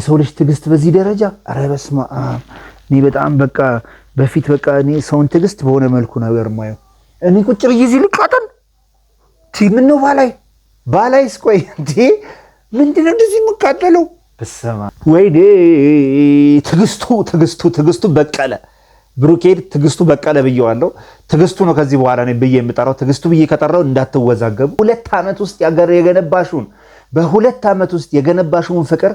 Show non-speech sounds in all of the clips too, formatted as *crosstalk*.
የሰው ልጅ ትዕግስት በዚህ ደረጃ ኧረ በስመ አብ! እኔ በጣም በቃ በፊት በቃ እኔ ሰውን ትዕግስት በሆነ መልኩ ነበር የማየው። እኔ ቁጭ ብዬ እዚህ ቲ ምን ነው ባላይ ባላይ ስቆይ እንዴ ምንድን ነው እንደዚህ የምቃጠለው? ብሰማ አብ ወይኔ! ትዕግስቱ ትዕግስቱ ትዕግስቱ በቀለ ብሩኬድ ትዕግስቱ በቀለ ብየዋለው ትዕግስቱ ነው ከዚህ በኋላ ነው ብዬ የምጠራው። ትዕግስቱ ብዬ ከጠራው እንዳትወዛገቡ። ሁለት ዓመት ውስጥ ያገር የገነባሽውን በሁለት ዓመት ውስጥ የገነባሽውን ፍቅር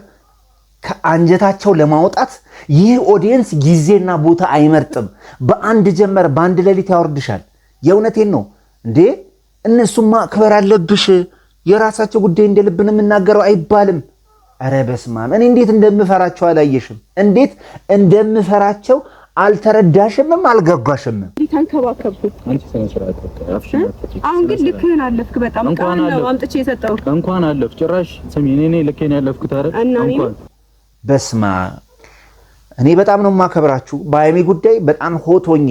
ከአንጀታቸው ለማውጣት ይህ ኦዲየንስ ጊዜና ቦታ አይመርጥም። በአንድ ጀመር በአንድ ሌሊት ያወርድሻል። የእውነቴን ነው እንዴ! እነሱም ማክበር አለብሽ። የራሳቸው ጉዳይ እንደ ልብን የምናገረው አይባልም። ኧረ በስመ አብ! እኔ እንዴት እንደምፈራቸው አላየሽም? እንዴት እንደምፈራቸው አልተረዳሽምም፣ አልገባሽምም። አሁን ግን ልክህን አለፍክ። በጣም ቃል ነው አምጥቼ የሰጠው። እንኳን አለፍ ጭራሽ። ስሚ እኔ ልክህን ያለፍኩት አይደል? እንኳን በስማ እኔ በጣም ነው የማከብራችሁ። በሀይሚ ጉዳይ በጣም ሆቶኜ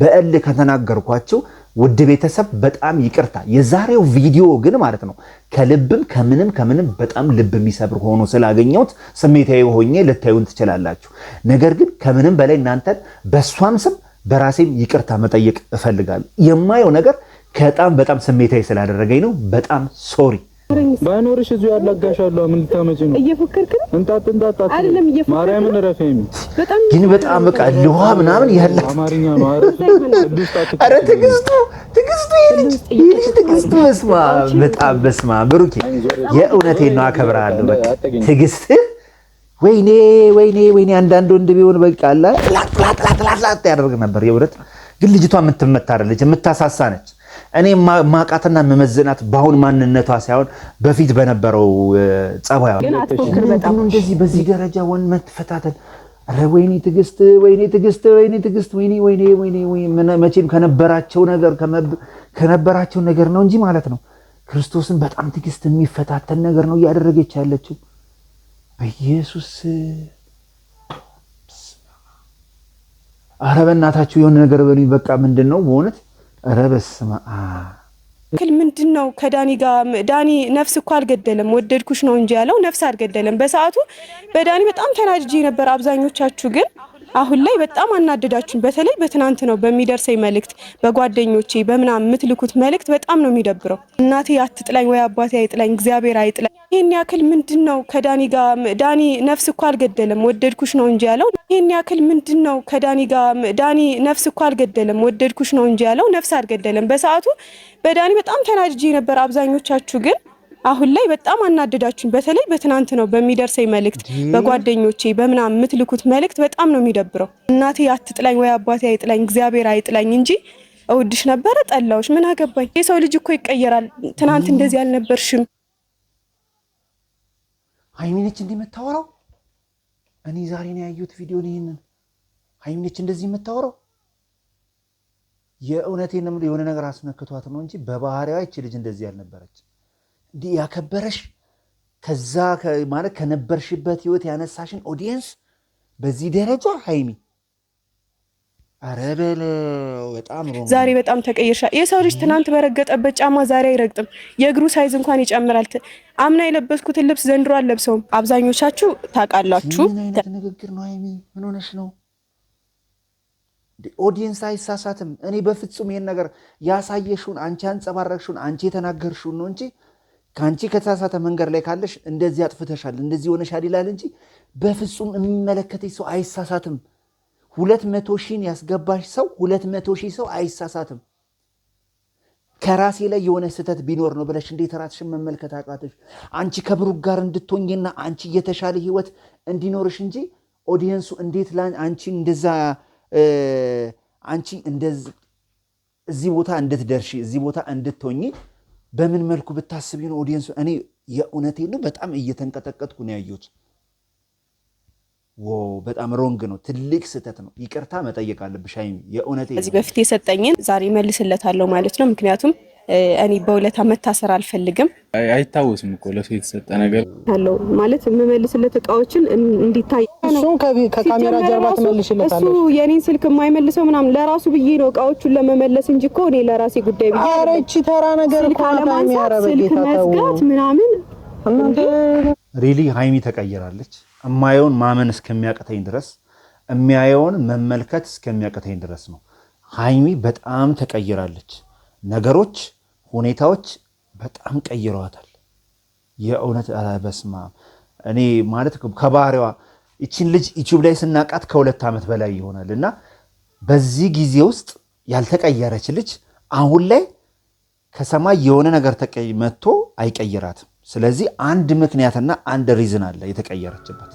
በእል ከተናገርኳችሁ ውድ ቤተሰብ በጣም ይቅርታ። የዛሬው ቪዲዮ ግን ማለት ነው ከልብም ከምንም ከምንም በጣም ልብ የሚሰብር ሆኖ ስላገኘሁት ስሜታዊ ሆኜ ልታዩን ትችላላችሁ። ነገር ግን ከምንም በላይ እናንተን በእሷም ስም በራሴም ይቅርታ መጠየቅ እፈልጋለሁ። የማየው ነገር ከጣም በጣም ስሜታዊ ስላደረገኝ ነው። በጣም ሶሪ። ባይኖርሽ እዚሁ ያላጋሻለሁ። ምን ልታመጪ ነው? እየፎከርክ ነው? እንጣጥ እንጣጥ አይደለም። እየፎከርክ ማርያምን ረፈኝ። ግን በጣም በቃ ልዋ ምናምን ያለ አማርኛ ነው። አረ ትዕግስቱ ትግስቱ ይልጅ ይልጅ ትዕግስቱ በስማ በጣም በስማ ብሩኬ፣ የእውነቴን ነው አከብራለሁ። በቃ ትዕግስት ወይኔ ወይኔ ወይኔ አንዳንድ ወንድ ቢሆን በቃ አላ ላጥ ላጥ ላጥ ላጥ ያደርግ ነበር። የእውነት ግን ልጅቷ የምትመታ አይደለች፣ የምታሳሳ ነች። እኔ ማቃትና መመዘናት በአሁን ማንነቷ ሳይሆን በፊት በነበረው ጸባይ እንደዚህ በዚህ ደረጃ ወን መፈታተል ወይኔ ትዕግስት፣ ወይኔ ትዕግስት፣ ወይኔ ትዕግስት፣ ወይኔ ወይኔ ወይኔ መቼም ከነበራቸው ነገር ከነበራቸው ነገር ነው እንጂ ማለት ነው ክርስቶስን በጣም ትዕግስት የሚፈታተን ነገር ነው እያደረገች ያለችው በኢየሱስ አረ በእናታችሁ የሆነ ነገር በሉኝ። በቃ ምንድን ነው በእውነት ኧረ ክል ምንድን ነው? ከዳኒ ጋር ዳኒ ነፍስ እኮ አልገደለም ወደድኩሽ ነው እንጂ ያለው ነፍስ አልገደለም። በሰዓቱ በዳኒ በጣም ተናድጄ ነበር። አብዛኞቻችሁ ግን አሁን ላይ በጣም አናደዳችሁን። በተለይ በትናንት ነው በሚደርሰኝ መልእክት በጓደኞቼ በምናምን የምትልኩት መልእክት በጣም ነው የሚደብረው። እናቴ አትጥላኝ ወይ አባቴ አይጥላኝ እግዚአብሔር አይጥላኝ። ይህን ያክል ምንድን ነው ከዳኒ ጋር ዳኒ ነፍስ እኮ አልገደለም ወደድኩሽ ነው እንጂ ያለው። ይህን ያክል ምንድን ነው ከዳኒ ጋር ዳኒ ነፍስ እኮ አልገደለም ወደድኩሽ ነው እንጂ ያለው። ነፍስ አልገደለም። በሰዓቱ በዳኒ በጣም ተናድጄ ነበር። አብዛኞቻችሁ ግን አሁን ላይ በጣም አናደዳችሁን። በተለይ በትናንት ነው በሚደርሰኝ መልእክት በጓደኞቼ በምናምን የምትልኩት መልእክት በጣም ነው የሚደብረው። እናቴ አትጥላኝ ወይ አባቴ አይጥላኝ እግዚአብሔር አይጥላኝ እንጂ እውድሽ ነበረ ጠላዎች ምን አገባኝ። የሰው ልጅ እኮ ይቀየራል። ትናንት እንደዚህ አልነበርሽም። ሀይሚነች እንዲህ የምታወራው እኔ ዛሬ ነው ያዩት ቪዲዮ። ይህንን ሀይሚነች እንደዚህ የምታወራው የእውነቴን የሆነ ነገር አስመክቷት ነው እንጂ በባህሪዋ ይች ልጅ እንደዚህ ያልነበረች ያከበረሽ ከዛ ማለት ከነበርሽበት ህይወት ያነሳሽን ኦዲየንስ በዚህ ደረጃ ሀይሚ አረበለ በጣም ዛሬ በጣም ተቀየርሻል። የሰው ልጅ ትናንት በረገጠበት ጫማ ዛሬ አይረግጥም። የእግሩ ሳይዝ እንኳን ይጨምራል። አምና የለበስኩትን ልብስ ዘንድሮ አለብሰውም። አብዛኞቻችሁ ታውቃላችሁ። ንግግር ነው ሀይሚ? ምን ሆነሽ ነው? ኦዲየንስ አይሳሳትም። እኔ በፍጹም ይሄን ነገር ያሳየሽውን አንቺ አንጸባረቅሽውን አንቺ የተናገርሽውን ነው እንጂ ከአንቺ ከተሳሳተ መንገድ ላይ ካለሽ እንደዚህ አጥፍተሻል፣ እንደዚህ ሆነሻል ይላል እንጂ በፍጹም የሚመለከተኝ ሰው አይሳሳትም። ሁለት መቶ ሺህን ያስገባሽ ሰው ሁለት መቶ ሺህ ሰው አይሳሳትም። ከራሴ ላይ የሆነ ስህተት ቢኖር ነው ብለሽ እንዴት ራስሽን መመልከት አቃተሽ? አንቺ ከብሩክ ጋር እንድትሆኝና አንቺ የተሻለ ህይወት እንዲኖርሽ እንጂ ኦዲየንሱ እንዴት አንቺ እንደዛ አንቺ እዚህ ቦታ እንድትደርሺ እዚህ ቦታ እንድትሆኝ በምን መልኩ ብታስብ ነው ኦዲየንሱ? እኔ የእውነቴ ነው በጣም እየተንቀጠቀጥኩ ነው ያየሁት። ዎ በጣም ሮንግ ነው፣ ትልቅ ስህተት ነው። ይቅርታ መጠየቅ አለብሽ ሀይሚ፣ የእውነቴ ከዚህ በፊት የሰጠኝን ዛሬ መልስለታለሁ ማለት ነው ምክንያቱም እኔ በውለታ መታሰር አልፈልግም። አይታወስም እኮ ለሱ የተሰጠ ነገር አለው ማለት የምመልስለት እቃዎችን እንዲታይ ከካሜራ ጀርባ ትመልሽለት እሱ የኔን ስልክ የማይመልሰው ምናምን ለራሱ ብዬ ነው እቃዎቹን ለመመለስ እንጂ እኮ እኔ ለራሴ ጉዳይ ብዬ ኧረ ተራ ነገር ስልክ ስልክ መዝጋት ምናምን ሪሊ ሀይሚ ተቀይራለች። እማየውን ማመን እስከሚያቅተኝ ድረስ የሚያየውን መመልከት እስከሚያቅተኝ ድረስ ነው። ሀይሚ በጣም ተቀይራለች ነገሮች ሁኔታዎች በጣም ቀይረዋታል። የእውነት በስማ እኔ ማለት ከባህሪዋ ይችን ልጅ ዩቲዩብ ላይ ስናቃት ከሁለት ዓመት በላይ ይሆናል እና በዚህ ጊዜ ውስጥ ያልተቀየረች ልጅ አሁን ላይ ከሰማይ የሆነ ነገር መጥቶ አይቀይራትም። ስለዚህ አንድ ምክንያትና አንድ ሪዝን አለ የተቀየረችበት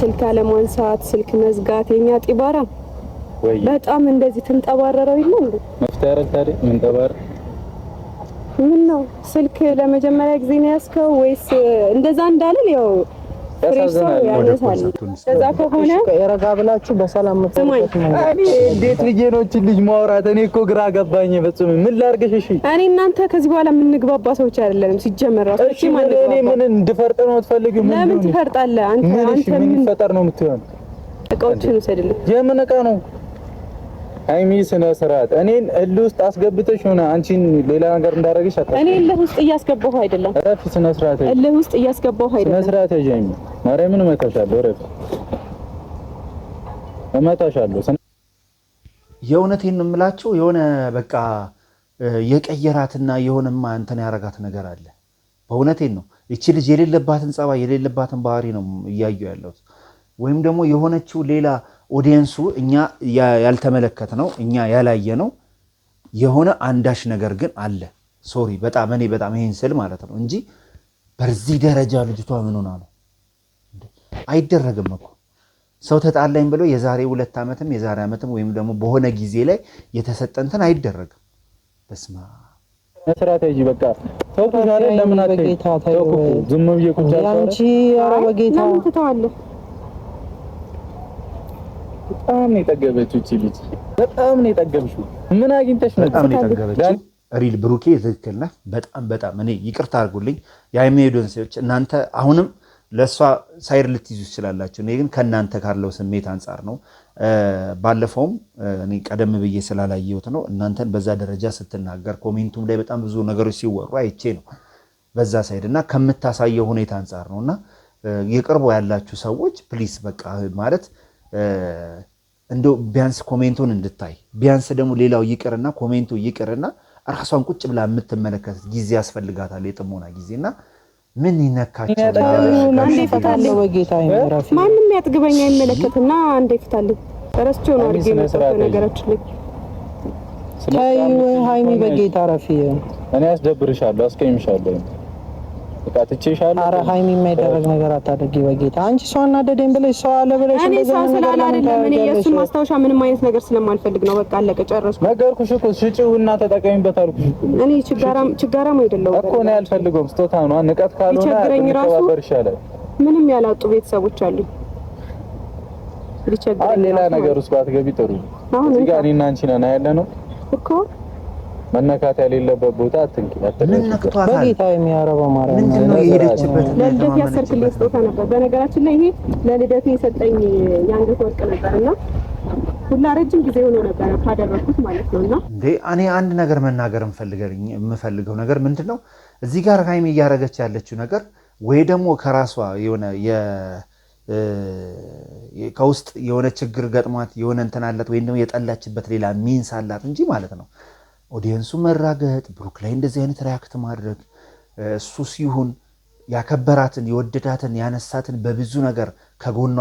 ስልክ አለማንሳት፣ ስልክ መዝጋት የኛ ጢባራ በጣም እንደዚህ ትንጠባረረው ይለ እንዴ መፍትሄ ያረግ ምን ተባረ ምን ነው ስልክ ለመጀመሪያ ጊዜ ነው ያዝከው ወይስ እንደዛ እንዳልል ያው ረጋ ብላችሁ በሰላም እንዴት ብዬ ነው እችን ልጅ ማውራት? እኔ እኮ ግራ ገባኝ። በጽም ምን ላድርግሽ? እሺ እኔ እናንተ ከዚህ በኋላ የምንግባባ ሰዎች አይደለንም። ሲጀመር እሺ፣ እኔ ምን እንድፈርጥ ነው የምትፈልጊው? ለምን ትፈርጣለህ አንተ? አንተ ምን ፈጠር ነው የምትሆን? እቃዎችን ውሰድልኝ። የምን እቃ ነው ሀይሚ ስነ ስርዓት እኔን እልህ ውስጥ አስገብተሽ ሆነ አንቺን ሌላ ነገር እንዳደረግሽ አታ እኔ እልህ ውስጥ እያስገባሁ አይደለም። እረፍ። ስነ ስርዓት እልህ ውስጥ እያስገባሁ አይደለም። ስነ ስርዓት ያጀኝ ማርያምን እመታሻለሁ። እረፍ፣ እመታሻለሁ። የእውነቴን እምላቸው የሆነ በቃ የቀየራትና የሆነማ እንትን ያረጋት ነገር አለ። በእውነቴን ነው። እቺ ልጅ የሌለባትን ጸባይ የሌለባትን ባህሪ ነው እያየሁ ያለሁት ወይም ደግሞ የሆነችው ሌላ ኦዲየንሱ እኛ ያልተመለከት ነው እኛ ያላየ ነው የሆነ አንዳች ነገር ግን አለ። ሶሪ በጣም እኔ በጣም ይሄን ስል ማለት ነው እንጂ በዚህ ደረጃ ልጅቷ ምን ሆና ነው? አይደረግም እኮ ሰው ተጣላኝ ብሎ የዛሬ ሁለት ዓመትም የዛሬ ዓመትም ወይም ደግሞ በሆነ ጊዜ ላይ የተሰጠንትን አይደረግም። በስማ መስራት በቃ ሰው ለምን ዝም ብዬ ቁጫ ያለው በጣም ነው የጠገበችው እቺ ልጅ፣ በጣም ነው የጠገብሽው። ምን አግኝተሽ ነው? በጣም ነው የጠገበችው። ሪል ብሩኬ ትክክል ነህ። በጣም በጣም እኔ ይቅርታ አድርጉልኝ የአይሜዶን ሰዎች፣ እናንተ አሁንም ለእሷ ሳይር ልትይዙ ትችላላችሁ። እኔ ግን ከእናንተ ካለው ስሜት አንጻር ነው። ባለፈውም እኔ ቀደም ብዬ ስላላየሁት ነው እናንተን በዛ ደረጃ ስትናገር፣ ኮሜንቱም ላይ በጣም ብዙ ነገሮች ሲወሩ አይቼ ነው በዛ ሳይድ እና ከምታሳየው ሁኔታ አንጻር ነው እና የቅርቦ ያላችሁ ሰዎች ፕሊስ በቃ ማለት እንደ ቢያንስ ኮሜንቱን እንድታይ ቢያንስ ደግሞ ሌላው ይቅርና ኮሜንቱ ይቅርና ራሷን ቁጭ ብላ የምትመለከት ጊዜ ያስፈልጋታል። የጥሞና ጊዜና ምን ይነካቸው ማንም ያጥግበኛ ይመለከትና አንዴ ፊታለኝ ረስቼው ነው አድርጌ ነገራችን ላይ ሀይሚ በጌታ ረፊ እኔ ያስደብርሻለሁ፣ አስቀይምሻለሁ ኧረ ሀይሚ የማይደረግ ነገር አታድርጊ በጌታ አንቺ ሰው አናደደኝ ብለሽ ሰው አለ ብለሽ እኔ ሰው ስላለ አይደለም እኔ የእሱን ማስታወሻ ምንም አይነት ነገር ስለማልፈልግ ነው በቃ አለቀ ጨረስኩ ነገርኩሽ እኮ ስጪው እና ተጠቀሚበት አልኩሽ እኮ እኔ ችጋራም ችጋራም አይደለሁም እኮ እኔ አልፈልገውም ስጦታ ነው ንቀት ካልሆነ ተባበር ይሻላል ምንም ያላጡ ቤተሰቦች አሉ ሊቸግረኝ ሌላ ነገር ውስጥ ባትገቢ ጥሩ እዚህ ጋር እኔ አንቺ ነን ያለ ነው እኮ መነካት የሌለበት ቦታ አትንኪ። በጌታ የሚያረባ ማርያም ለልደት ያሰርክልኝ ስጦታ ነበር። በነገራችን ላይ ይሄ ለልደት የሰጠኝ የአንገት ወርቅ ነበር እና ሁላ ረጅም ጊዜ ሆኖ ነበረ ካደረኩት ማለት ነው። እና እኔ አንድ ነገር መናገር የምፈልገው ነገር ምንድን ነው፣ እዚህ ጋር ሀይሜ እያደረገች ያለችው ነገር ወይ ደግሞ ከራሷ የሆነ ከውስጥ የሆነ ችግር ገጥሟት የሆነ እንትን አላት ወይም ደግሞ የጠላችበት ሌላ ሚንስ አላት እንጂ ማለት ነው ኦዲየንሱ መራገጥ፣ ብሩክ ላይ እንደዚህ አይነት ሪያክት ማድረግ እሱ ሲሆን ያከበራትን የወደዳትን ያነሳትን በብዙ ነገር ከጎኗ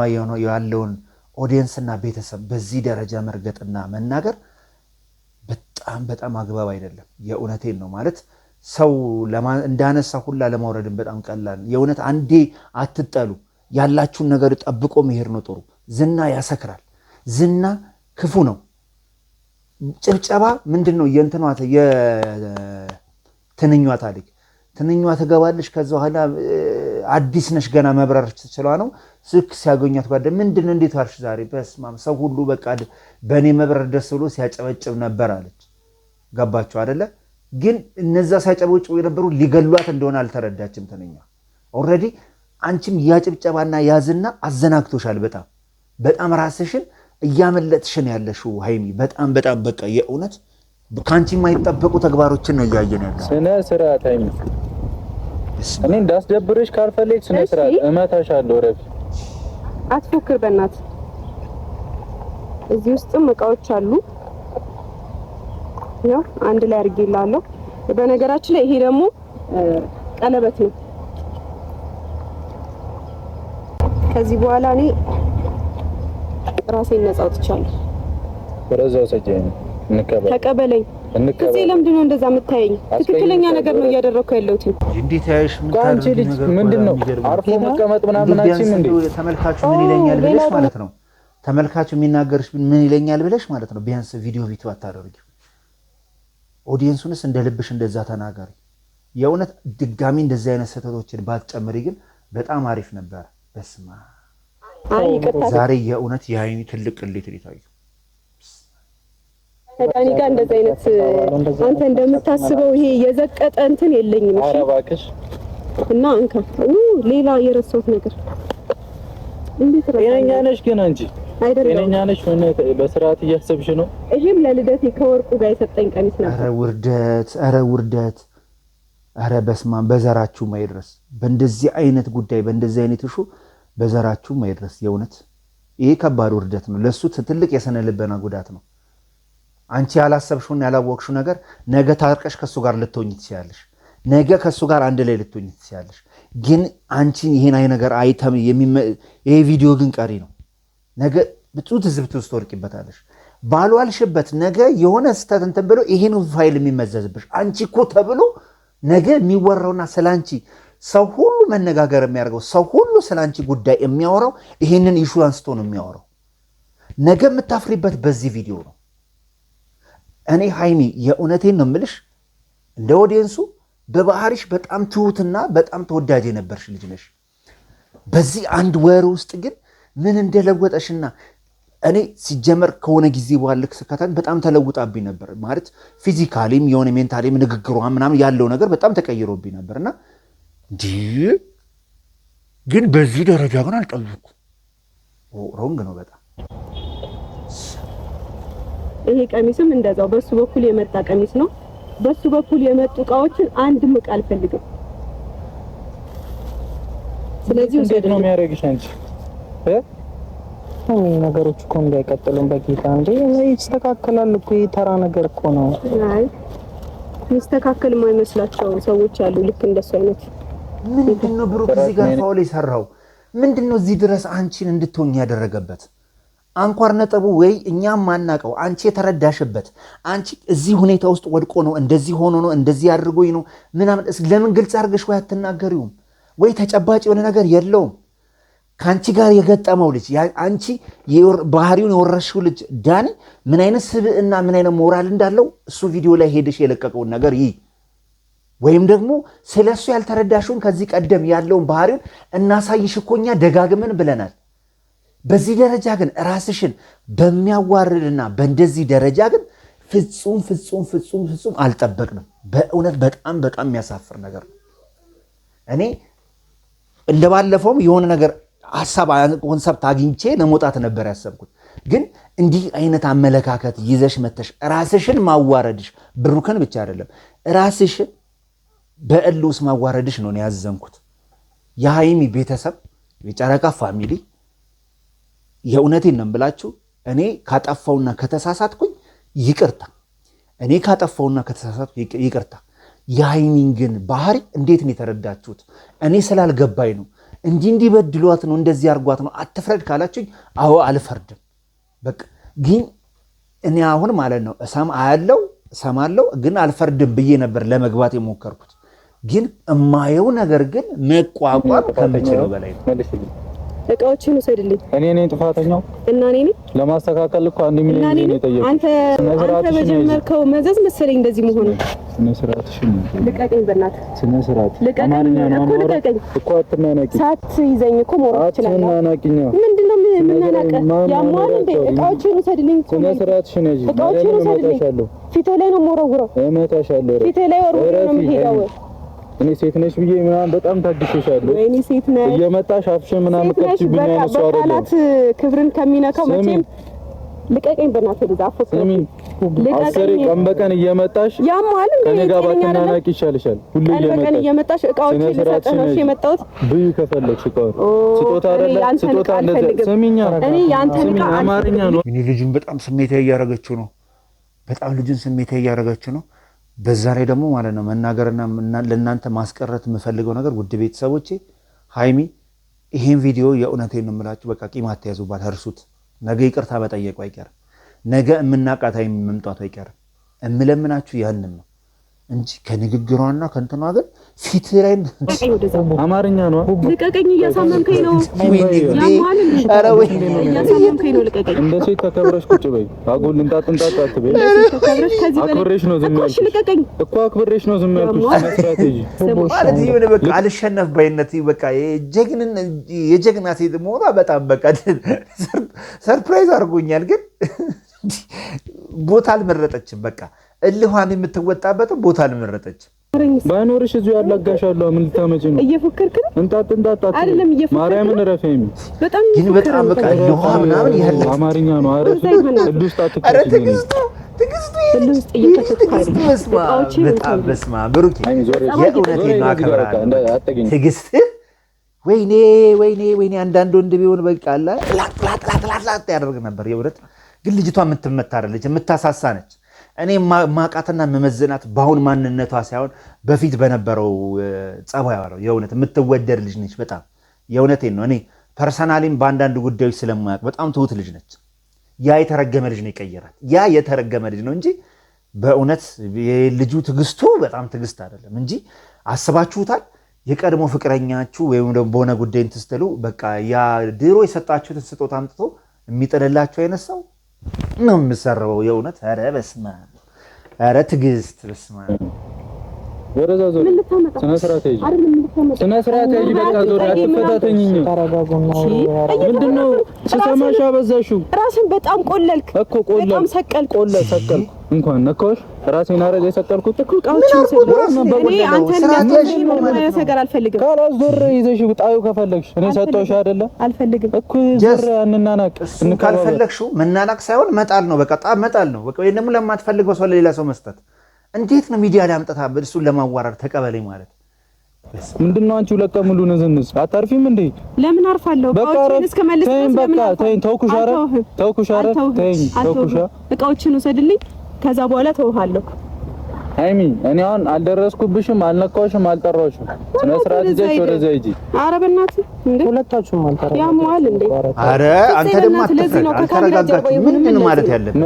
ያለውን ኦዲየንስና ቤተሰብ በዚህ ደረጃ መርገጥና መናገር በጣም በጣም አግባብ አይደለም። የእውነቴን ነው ማለት ሰው እንዳነሳ ሁላ ለማውረድን በጣም ቀላል። የእውነት አንዴ አትጠሉ፣ ያላችሁን ነገር ጠብቆ መሄድ ነው ጥሩ። ዝና ያሰክራል። ዝና ክፉ ነው። ጭብጨባ ምንድን ነው? የእንትኗ ታሪክ ትንኛ ትገባለች። ከዛ በኋላ አዲስ ነሽ ገና መብረር ችሏ ነው ስልክ ሲያገኛት ጓደ ምንድን እንዴት ዋልሽ ዛሬ? በስመ አብ ሰው ሁሉ በቃ በእኔ መብረር ደስ ብሎ ሲያጨበጭብ ነበር አለች። ገባቸው አደለ? ግን እነዛ ሲያጨበጭቡ የነበሩ ሊገሏት እንደሆነ አልተረዳችም። ትንኛ ኦልሬዲ አንቺም ያጭብጨባና ያዝና አዘናግቶሻል። በጣም በጣም ራስሽን እያመለጥሽን ያለሽው ሀይሚ፣ በጣም በጣም በቃ የእውነት ከአንቺ የማይጠበቁ ተግባሮችን ነው እያየን ያለ። ስነ ስርዓት ሀይሚ፣ እኔ እንዳስደብርሽ ካልፈለግ ስነ ስርዓት እመታሻለሁ። ረቢ አትፎክር በእናት እዚህ ውስጥም እቃዎች አሉ፣ ያው አንድ ላይ አድርጌላለሁ። በነገራችን ላይ ይሄ ደግሞ ቀለበት ነው። ከዚህ በኋላ እኔ ራሴን ነጻ አውጥቻለሁ። ወደዛ ተቀበለኝ። እዚህ ለምንድን ነው እንደዛ የምታየኝ? ትክክለኛ ነገር ነው እያደረኩ ያለሁት። እንዴት ያይሽ ምንድን ነው አርፎ መቀመጥ ምናምን አቺም እንዴ ተመልካቹ ምን ይለኛል ብለሽ ማለት ነው። ተመልካቹ የሚናገርሽ ምን ይለኛል ብለሽ ማለት ነው። ቢያንስ ቪዲዮ ቪዲዮ አታደርጊ። ኦዲየንሱንስ እንደ ልብሽ እንደዛ ተናገሪ። የእውነት ድጋሚ እንደዚህ አይነት ስህተቶችን ባትጨምሪ ግን በጣም አሪፍ ነበር። በስማ ዛሬ የእውነት የሀይሚ ትልቅ ቅሌት ሊታዩ ከዳኒ ጋር እንደዚህ አይነት አንተ እንደምታስበው ይሄ የዘቀጠ እንትን የለኝም። እሺ እና እንካ ሌላ የረሳሁት ነገር እንዴት ነው? የእኛ ነሽ ግን አንቺ ጤነኛ ነሽ። ምን በስርዓት እያሰብሽ ነው? ይሄም ለልደቴ ከወርቁ ጋር የሰጠኝ ቀሚስ ነበር። ኧረ ውርደት! ኧረ ውርደት! ኧረ በስማን በዘራችሁ ማይድረስ በእንደዚህ አይነት ጉዳይ በእንደዚህ አይነት እሹ በዘራችሁ መድረስ የእውነት ይሄ ከባድ ውርደት ነው። ለሱ ትልቅ የስነ ልበና ጉዳት ነው። አንቺ ያላሰብሽውን ያላወቅሽው ነገር ነገ ታርቀሽ ከእሱ ጋር ልትሆኝ ትችያለሽ። ነገ ከእሱ ጋር አንድ ላይ ልትሆኝ ትችያለሽ። ግን አንቺን ይሄን አይ ነገር አይተም ይሄ ቪዲዮ ግን ቀሪ ነው። ነገ ብዙ ትዝብት ውስጥ ትወርቂበታለሽ። ባሏልሽበት ነገ የሆነ ስህተት እንትን ብሎ ይሄን ፋይል የሚመዘዝብሽ አንቺ እኮ ተብሎ ነገ የሚወራውና ስለ አንቺ ሰው ሁሉ መነጋገር የሚያደርገው ሰው ሁሉ ስለ አንቺ ጉዳይ የሚያወራው ይህንን ይሹ አንስቶ ነው የሚያወራው። ነገ የምታፍሪበት በዚህ ቪዲዮ ነው። እኔ ሀይሚ የእውነቴን ነው የምልሽ፣ እንደ ወዲንሱ በባህሪሽ በጣም ትሁትና በጣም ተወዳጅ የነበርሽ ልጅ ነሽ። በዚህ አንድ ወር ውስጥ ግን ምን እንደለወጠሽና እኔ ሲጀመር ከሆነ ጊዜ በኋላ ልክ በጣም ተለውጣብኝ ነበር ማለት ፊዚካሊም የሆነ ሜንታሊም ንግግሯ ምናምን ያለው ነገር በጣም ተቀይሮብኝ ነበር እና ዲዩ ግን በዚህ ደረጃ ግን አልጠየኩም። ሮንግ ነው በጣም ይሄ ቀሚስም እንደዛው በሱ በኩል የመጣ ቀሚስ ነው። በሱ በኩል የመጡ እቃዎችን አንድ ምቅ አልፈልግም። ስለዚህ ውሰድ ነው የሚያደርግሽ አንቺ እ ነገሮች እኮ እንዳይቀጥሉም በጌታ እንደ ይስተካከላል እኮ ተራ ነገር እኮ ነው። አይ የሚስተካከል የማይመስላቸው ሰዎች አሉ ልክ እንደሱ አይነት ምንድን ነው ብሩክ እዚህ ጋር ፋውል የሰራው ምንድን ነው? እዚህ ድረስ አንቺን እንድትሆኝ ያደረገበት አንኳር ነጥቡ ወይ እኛም ማናቀው አንቺ የተረዳሽበት አንቺ እዚህ ሁኔታ ውስጥ ወድቆ ነው እንደዚህ ሆኖ ነው እንደዚህ አድርጎኝ ነው ምናምን። ለምን ግልጽ አድርገሽ ወይ አትናገሪውም? ወይ ተጨባጭ የሆነ ነገር የለውም። ከአንቺ ጋር የገጠመው ልጅ አንቺ ባህሪውን የወረሽው ልጅ ዳኒ ምን አይነት ስብዕና ምን አይነት ሞራል እንዳለው እሱ ቪዲዮ ላይ ሄደሽ የለቀቀውን ነገር ይህ ወይም ደግሞ ስለ እሱ ያልተረዳሽውን ከዚህ ቀደም ያለውን ባህሪውን እናሳይሽ እኮ እኛ ደጋግመን ብለናል። በዚህ ደረጃ ግን ራስሽን በሚያዋርድና በእንደዚህ ደረጃ ግን ፍጹም ፍጹም ፍጹም ፍጹም አልጠበቅንም። በእውነት በጣም በጣም የሚያሳፍር ነገር ነው። እኔ እንደ ባለፈውም የሆነ ነገር ሀሳብ ኮንሰፕት አግኝቼ ለመውጣት ነበር ያሰብኩት። ግን እንዲህ አይነት አመለካከት ይዘሽ መተሽ ራስሽን ማዋረድሽ ብሩክን ብቻ አይደለም ራስሽን ውስጥ ማዋረድሽ ነው ያዘንኩት። የሀይሚ ቤተሰብ የጨረቃ ፋሚሊ የእውነቴን ነው ብላችሁ እኔ ካጠፋውና ከተሳሳትኩኝ ይቅርታ፣ እኔ ካጠፋውና ከተሳሳትኩ ይቅርታ። የሀይሚን ግን ባህሪ እንዴት ነው የተረዳችሁት? እኔ ስላልገባኝ ነው። እንዲህ እንዲህ በድሏት ነው እንደዚህ አርጓት ነው አትፍረድ ካላችሁኝ፣ አዎ አልፈርድም። በቃ ግን እኔ አሁን ማለት ነው እሰማ አያለው እሰማለው፣ ግን አልፈርድም ብዬ ነበር ለመግባት የሞከርኩት ግን እማየው ነገር ግን መቋቋም ከምችለው በላይ ነው። እቃዎችን ውሰድልኝ። እኔ ነኝ ጥፋተኛው እና እኔ ነኝ ለማስተካከል እኮ አንድ ሚሊዮን ነው የጠየቀው። አንተ አንተ በጀመርከው መዘዝ መሰለኝ እንደዚህ መሆኑ። ስነ ስርዓትሽን ልቀቀኝ፣ በእናትህ ስነ ስርዓት አማርኛ እኮ ልቀቀኝ እኮ አትናናቂ። ሳትይዘኝ እኮ መውራት ይችላል። አትናናቂኛ ምንድን ነው የምናናቀ? ያሟል እንዴ? እቃዎችን ውሰድልኝ እኮ ስነ ስርዓትሽን እጂ። እቃዎችን ውሰድልኝ። ፊቴ ላይ ነው የምወረውረው። እመታሻለሁ። ፊቴ ላይ ወርውሬ ነው የምሄደው እኔ ሴት ነሽ ብዬ ምናምን በጣም ታግሼሻለሁ። ወይኔ ሴት ነሽ እየመጣሽ አፍሽን ምናምን ቀጥብኛ ነው ሰው አይደለም። ክብርን ከሚነካው መቼም ልቀቀኝ፣ በእናትህ ልዛ አፈሰ አስሬ ቀን በቀን እየመጣሽ ያማል ከኔ ጋር ባትናናቂ ይሻልሻል። ሁሉ እየመጣሽ እየመጣሽ እቃዎች ልሰጥህ ነው እሺ የመጣሁት ብይ ከፈለግሽ እቃ ስጦታ አይደለም ስጦታ እንደዚህ ስሚኛ እኔ ያንተ ልቃ አማርኛ ነው። እኔ ልጁን በጣም ስሜታዊ እያደረገችው ነው። በጣም ልጁን ስሜታዊ እያደረገችው ነው። በዛ ላይ ደግሞ ማለት ነው መናገርና ለእናንተ ማስቀረት የምፈልገው ነገር ውድ ቤተሰቦቼ፣ ሀይሚ ይሄን ቪዲዮ የእውነት ነው የምላችሁ። በቃ ቂም አትያዙባት፣ እርሱት። ነገ ይቅርታ በጠየቁ አይቀርም፣ ነገ የምናቃት ሀይሚ መምጣቱ አይቀርም። እምለምናችሁ ያንን ነው። እንጂ ከንግግሯና ከንትኗ ግን ፊት ላይ አማርኛ ነው። ልቀቀኝ፣ እያሳመምከኝ ነው። እንደ ሴት ማለት ይሁን በቃ አልሸነፍ ባይነት በቃ የጀግና ሴት መሆኗ በጣም በቃ ሰርፕራይዝ አድርጎኛል። ግን ቦታ አልመረጠችም በቃ እልኋን የምትወጣበትን ቦታ ልመረጠች። ባይኖርሽ እዚሁ ያላጋሻለሁ። ምን ልታመጪ ነው? እየፎከርክ ነው? እንጣጥ እንጣጥ አይደለም። እየፎከርክ ማርያምን ረፈኝ። በጣም ግን በጣም በቃ ልኋ ምናምን ያለ አማርኛ ነው። አረ ቅዱስ ታጥቅ አረ ትግስቱ በስማ ብሩኬ፣ የእውነቴን ነው አከብራለሁ። ወይኔ ወይኔ ወይኔ አንዳንድ ወንድ ቢሆን በቃ አላ ላጥ ላጥ ላጥ ላጥ ያደርግ ነበር። የእውነት ግን ልጅቷ የምትመታ አይደለች፣ የምታሳሳ ነች። እኔ ማቃትና መመዘናት በአሁን ማንነቷ ሳይሆን በፊት በነበረው ጸባይዋ ነው። የእውነት የምትወደድ ልጅ ነች። በጣም የእውነቴን ነው። እኔ ፐርሰናሊም በአንዳንድ ጉዳዮች ስለማያውቅ በጣም ትሁት ልጅ ነች። ያ የተረገመ ልጅ ነው የቀየራት። ያ የተረገመ ልጅ ነው እንጂ በእውነት የልጁ ትግስቱ በጣም ትግስት አይደለም እንጂ አስባችሁታል። የቀድሞ ፍቅረኛችሁ ወይም ደግሞ በሆነ ጉዳይ እንትን ስትሉ በቃ ያ ድሮ የሰጣችሁትን ስጦታ አምጥቶ የሚጥልላችሁ አይነት ሰው ነው የምሰራው። የእውነት ኧረ በስመ አብ ኧረ ትዕግስት በስመ አብ ወደዛ ዞር። ስነ ራስን በጣም ቆለልክ እኮ በጣም ሰቀል፣ ቆለል፣ ሰቀል። እንኳን ነካሁሽ ራሴን አረግ የሰቀልኩት እኮ ዞር ይዘሽ ጣዩ ከፈለግሽ እኔ ሰጠሁሽ አይደለ? አልፈልግም እኮ ዞር አንናናቅ። ካልፈለግሽው መናናቅ ሳይሆን መጣል ነው፣ በቃ ጣም መጣል ነው። በቃ ደግሞ ለማትፈልግ በሰው ለሌላ ሰው መስጠት እንዴት ነው ሚዲያ ላይ አምጥታ እሱን ለማዋራር ተቀበለኝ ማለት ምንድነው? አንቺ ሁለት ቀን ሙሉ ንዝንዝ አታርፊም እንዴ? ለምን አርፋለሁ? እቃዎችን እስከመልስ በቃ ተይኝ። ተውኩሽ፣ ኧረ ተውኩሽ፣ ኧረ ተይኝ፣ ተውኩሽ። እቃዎችን ውሰድልኝ፣ ከዛ በኋላ ተውሃለሁ። ሀይሚ እኔ አሁን አልደረስኩብሽም፣ አልነካሁሽም፣ አልጠራሁሽም። ስነ ስርዓት ይዘሽ ወደዛ ሂጂ። ኧረ በእናትህ እንዴ ሁለታችሁም አልጠራሁም። ያሟል እንዴ? ኧረ አንተ ደግሞ አትፈረድ። አልተረጋጋችሁም። ምንድን ነው ማለት ያለብህ?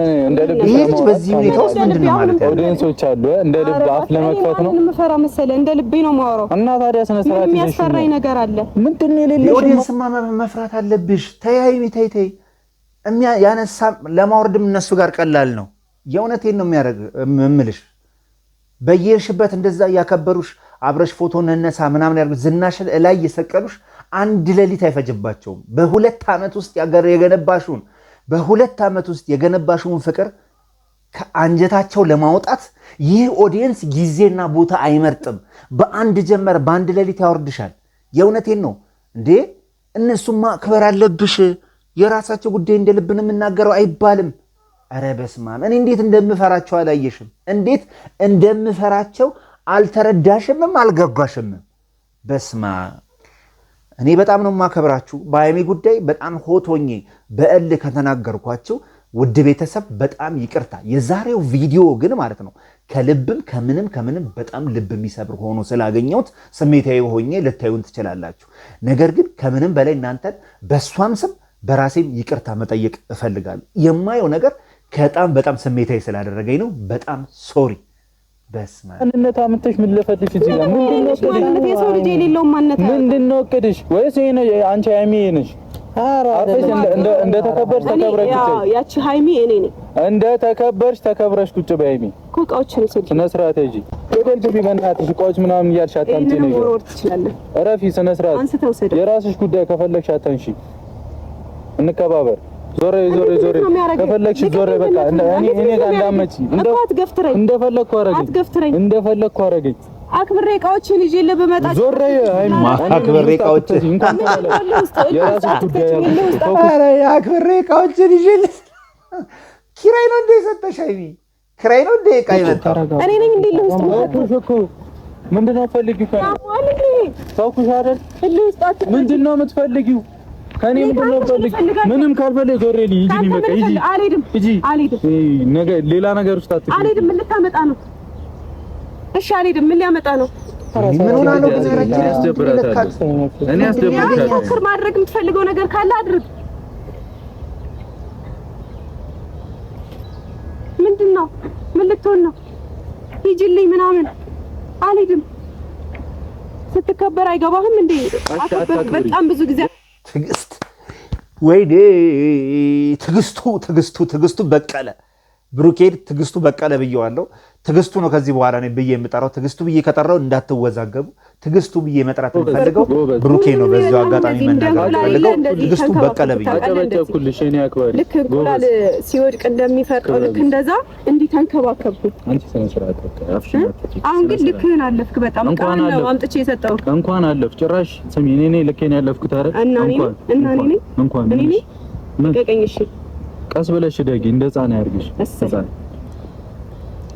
ይሄ ልጅ በዚህ ሁኔታ ውስጥ ምንድን ነው ማለት ያለብህ? ኦዲየንሶች አሉ። እንደ ልብ አፍ ለመክፈት ነው የምፈራ መሰለህ? እንደ ልቤ ነው የማወራው። እና ታዲያ ስነ ስርዓት ይዘሽ የሚያስፈራኝ ነገር አለ። ምንድን ነው የሌለሽ? ኦዲየንስማ መፍራት አለብሽ። ተይ ሀይሚ ተይ ተይ። የሚያነሳ ለማውረድም እነሱ ጋር ቀላል ነው። የእውነቴን ነው የሚያደርግ የምልሽ በየሄድሽበት እንደዛ እያከበሩሽ አብረሽ ፎቶ እንነሳ ምናምን ያርጉ ዝናሽ ላይ እየሰቀሉሽ አንድ ሌሊት አይፈጅባቸውም። በሁለት ዓመት ውስጥ የገነባሽውን በሁለት ዓመት ውስጥ የገነባሽውን ፍቅር ከአንጀታቸው ለማውጣት ይህ ኦዲየንስ ጊዜና ቦታ አይመርጥም። በአንድ ጀመር በአንድ ሌሊት ያወርድሻል። የእውነቴን ነው እንዴ! እነሱም ማክበር አለብሽ። የራሳቸው ጉዳይ እንደ የምናገረው አይባልም። ኧረ በስመ አብ እኔ እንዴት እንደምፈራቸው አላየሽም? እንዴት እንደምፈራቸው አልተረዳሽምም፣ አልገጓሽምም። በስመ አብ እኔ በጣም ነው የማከብራችሁ። በሀይሚ ጉዳይ በጣም ሆቶኜ በእል ከተናገርኳችሁ ውድ ቤተሰብ በጣም ይቅርታ። የዛሬው ቪዲዮ ግን ማለት ነው ከልብም ከምንም ከምንም በጣም ልብ የሚሰብር ሆኖ ስላገኘሁት ስሜታዊ ሆኜ ልታዩን ትችላላችሁ። ነገር ግን ከምንም በላይ እናንተን በእሷም ስም በራሴም ይቅርታ መጠየቅ እፈልጋለሁ። የማየው ነገር ከጣም በጣም ስሜታዊ ስላደረገኝ ነው። በጣም ሶሪ። በስመ አብ አንነት አምጥተሽ ምን እዚህ ጋር ምንድን ነው እቅድሽ? ወይስ ይሄን አንቺ ሃይሚ ነሽ እንደ ተከበርሽ ተከብረሽ ያቺ ሃይሚ እኔ ነኝ። እንደ ተከበርሽ ተከብረሽ ቁጭ በይ ሃይሚ። እቃዎችን ስነ ስርዓት እቃዎች ምናምን እያልሽ አታምጪ ነገር እረፊ። ስነ ስርዓት የራስሽ ጉዳይ ከፈለግሽ አታንሺ። እንከባበር ዞሬ ዞሬ ዞሬ ከፈለግሽ ዞሬ በቃ እኔ እኔ ጋር እንዳመጪ እንደፈለግኩ አደረገኝ እንደፈለግኩ አደረገኝ። አክብሬ እቃዎችን ይዤ ለበመጣ ዞሬ አክብሬ እቃዎችን አክብሬ እቃዎችን ይዤ *laughs* ኪራይ ነው እንደ የሰጠሽ አይቢ ኪራይ ነው እንደ እቃ ይመጣ እኔ ነኝ እንደ ልውስጥ መጣሽ እኮ ምንድን ነው የምትፈልጊው? ታውኩሽ አይደል? ምንድን ነው የምትፈልጊው? ከኔ ምንድን ነው ፈልግ? ምንም ካልፈልግ ዞሬሊ ሂጂ ነው በቃ ሂጂ። አልሄድም፣ ሌላ ነገር ውስጥ አትገቢ። አልሄድም። ምን ልታመጣ ነው? እሺ፣ አልሄድም። ምን ሊያመጣ ነው? ምን ማድረግ የምትፈልገው ነገር ካለ አድርግ። ምንድን ነው? ምን ልትሆን ነው? ሂጂልኝ ምናምን። አልሄድም። ስትከበር አይገባህም እንዴ? በጣም ብዙ ጊዜ ትግስት ወይኔ ትግስቱ ትግስቱ ትግስቱ በቀለ ብሩኬድ ትግስቱ በቀለ ብየዋለው። ትግስቱ ነው። ከዚህ በኋላ ነው ብዬ የምጠራው ትግስቱ ብዬ ከጠራው እንዳትወዛገቡ። ትግስቱ ብዬ መጥራት የምፈልገው ብሩኬ ነው። በዚ አጋጣሚ መናገር ፈልገው ትግስቱ በቀለ ብዬ ልክ እንቁላል ሲወድቅ እንደሚፈርጠው ልክ እንደዛ እንዲህ ተንከባከብኩ። አሁን ግን ልክህን አለፍክ። በጣም ቃል ነው አምጥቼ የሰጠው እንኳን አለፍ ጭራሽ ስሚ፣ እኔ ያለፍኩት እና እኔ እንኳን እኔ ቀቀኝ። እሺ፣ ቀስ ብለሽ ደጊ፣ እንደ ህፃን ያርግሽ ህፃን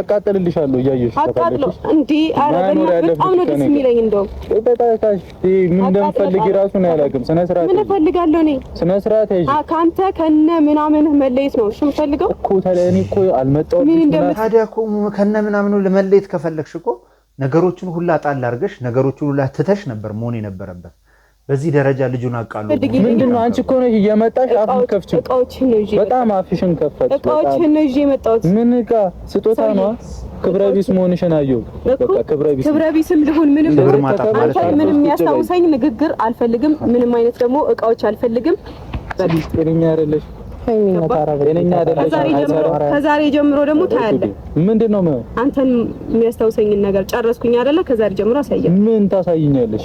አቃጠልልሻለሁ። እያየሽ አቃጥለው በጣም ምን እንደምፈልግ ራሱ ነው ያላቅም። ስነ ስርዓት ምን እፈልጋለሁ እኔ ስነ ስርዓት ያዥ። ከአንተ ከነ ምናምን መለየት ነው እሺ የምፈልገው እኮ ታዲያ። እኔ እኮ አልመጣሁም። ታዲያ እኮ ከነ ምናምኑ ለመለየት ከፈለግሽ እኮ ነገሮችን ሁላ ጣል አድርገሽ ነገሮችን ሁላ ትተሽ ነበር መሆን የነበረበት። በዚህ ደረጃ ልጁን አቃሉ ምንድን ነው? አንቺ እኮ ነው እየመጣሽ አፍን ከፍች። በጣም አፍሽን ከፈች። እቃዎችን ነው ይዤ የመጣሁት። ምን እቃ? ስጦታ ነው። ክብረ ቢስ መሆንሽን አየሁ። በቃ ክብረ ቢስ ክብረ ቢስም ልሁን ምንም ምንም የሚያስታውሰኝ ንግግር አልፈልግም። ምንም አይነት ደግሞ እቃዎች አልፈልግም። ጤነኛ አይደለሽ። ከዛሬ ጀምሮ ደግሞ ታያለህ። ምንድን ነው አንተን የሚያስታውሰኝን ነገር ጨረስኩኝ አይደለ? ከዛሬ ጀምሮ አሳያለሁ። ምን ታሳይኛለሽ?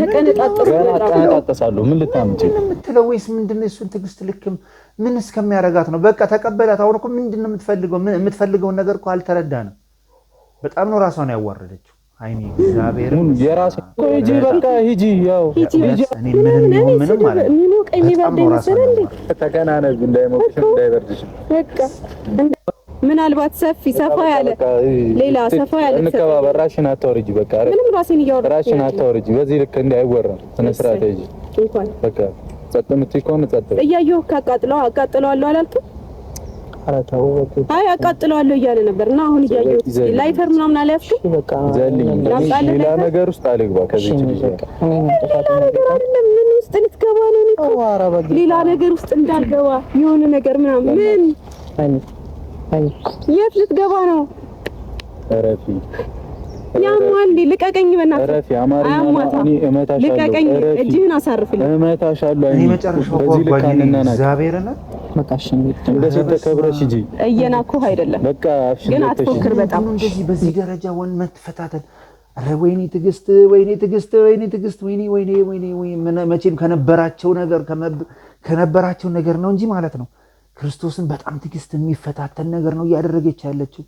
ተቀነጣጠሳለሁ። ምን ልታምጪ የምትለው ወይስ ምንድን ነው? እሱን ትዕግስት ልክም ምን እስከሚያረጋት ነው? በቃ ተቀበላት። አሁን እኮ ምንድን ነው የምትፈልገው? የምትፈልገውን ነገር እኮ አልተረዳንም። በጣም ነው ራሷን ያዋረደችው። ሀይሚ እግዚአብሔር የራስ ሂጂ በቃ ሂጂ፣ ያው ምንም ምናልባት ሰፊ ሰፋ ያለ ሌላ ሰፋ ያለ እንከባበር። ራሽን አታወርጂ፣ በቃ ምንም ራሴን እያወራሁ ራሽን አታወርጂ። በዚህ ልክ እንዲህ አይወራም። ስነ ስርዓት ያዥ። እንኳን በቃ ጸጥ የምትይ ከሆነ ጸጥ በል። እያየሁህ ካቃጥለው አቃጥለዋለሁ አላልኩም? አይ አቃጥለዋለሁ እያለ ነበር እና አሁን እያየሁት ላይተር ምናምን አልያዝኩም። በቃ ሌላ ነገር ውስጥ አልግባ። ከዚህ አይደለም። ምን ውስጥ ልትገባ ነው? ሌላ ነገር ውስጥ እንዳልገባ የሆነ ነገር ምናምን ምን የት ልትገባ ነው? እረፊ። ልቀቀኝ፣ በእናትህ በዚህ ደረጃ ኧረ ወይኔ ትዕግስት፣ ወይኔ ትዕግስት፣ ወይኔ ትዕግስት፣ ወይኔ ወይኔ ወይኔ። መቼም ከነበራቸው ነገር ከነበራቸው ነገር ነው እንጂ ማለት ነው ክርስቶስን በጣም ትግስት የሚፈታተን ነገር ነው እያደረገች ያለችው።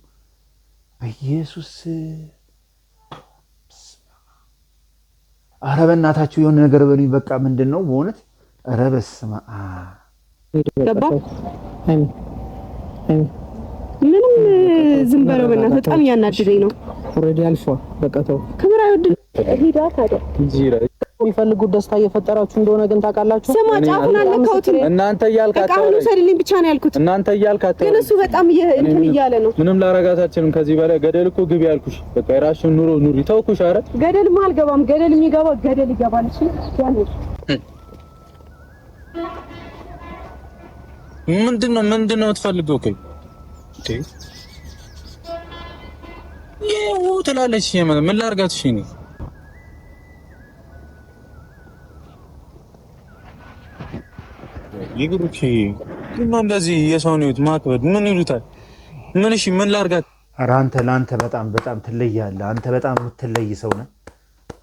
በኢየሱስ ኧረ በእናታችሁ የሆነ ነገር በሉኝ። በቃ ምንድን ነው በእውነት ኧረ በስመ አብ ምንም ዝም በለው በእናትህ። በጣም እያናደደኝ ነው። ኦልሬዲ አልፏል። በቃ ተው ክብር አይወድም ሂዷ ታዲያ የምትፈልጉት ደስታ እየፈጠራችሁ እንደሆነ ግን ታውቃላችሁ። ስማ ጫፉን አልነካሁትም። እናንተ እያልካችሁ ቃሉ ሰድልኝ ብቻ ነው ያልኩት። እናንተ እያልካችሁ ግን እሱ በጣም እንትን እያለ ነው። ምንም ላረጋታችንም ከዚህ በላይ ገደል እኮ ግቢ ያልኩሽ። በቃ የራስሽን ኑሮ ኑሪ። ተውኩሽ። አረ ገደል ገደልማ አልገባም። ገደል የሚገባ ገደል ይገባል። እሺ ምንድን ነው ምንድን ነው የምትፈልገው? ከይ ይኸው ትላለች። ምን ላርጋትሽ ነው ይግሩቺ እና እንደዚህ የሰውን ህይወት ማክበድ ምን ይሉታል? ምን እሺ፣ ምን ላርጋት? ኧረ አንተ ለአንተ በጣም በጣም ትለያለህ። አንተ በጣም የምትለይ ሰው ነህ።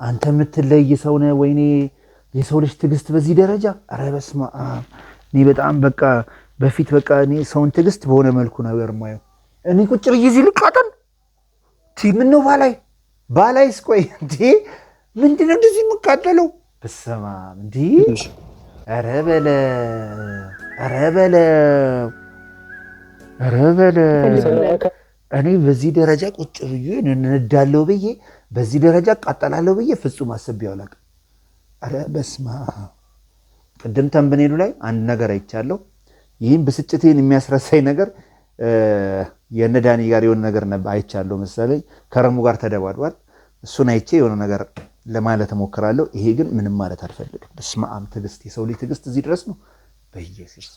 አንተ የምትለይ ሰው ነህ። ወይኔ የሰው ልጅ ትዕግስት በዚህ ደረጃ! ኧረ በስመ አብ! እኔ በጣም በቃ በፊት በቃ እኔ ሰውን ትዕግስት በሆነ መልኩ ነበር የማየው። እኔ ቁጭ ብዬ እዚህ ልቃጠል ቲ ምን ነው ባላይ ባላይስ? ቆይ እንዴ ምንድነው እንደዚህ የምቃጠለው? በስመ አብ እንዴ ኧረ በለው ኧረ በለው ኧረ በለው እኔ በዚህ ደረጃ ቁጭ ብዬ እንዳለው ብዬ በዚህ ደረጃ እቃጠላለሁ ብዬ ፍጹም አስቤ አላውቅም። ኧረ በስመ አብ። ቅድም ተንብኔሉ ላይ አንድ ነገር አይቻለሁ። ይህም ብስጭቴን የሚያስረሳኝ ነገር የእነ ዳኒ ጋር የሆነ ነገር አይቻለሁ መሰለኝ። ከረሙ ጋር ተደባድቧል። እሱን አይቼ የሆነ ነገር ለማለት እሞክራለሁ። ይሄ ግን ምንም ማለት አልፈልግም። በስመ አብ ትዕግስት፣ የሰው ልጅ ትዕግስት እዚህ ድረስ ነው። በኢየሱስ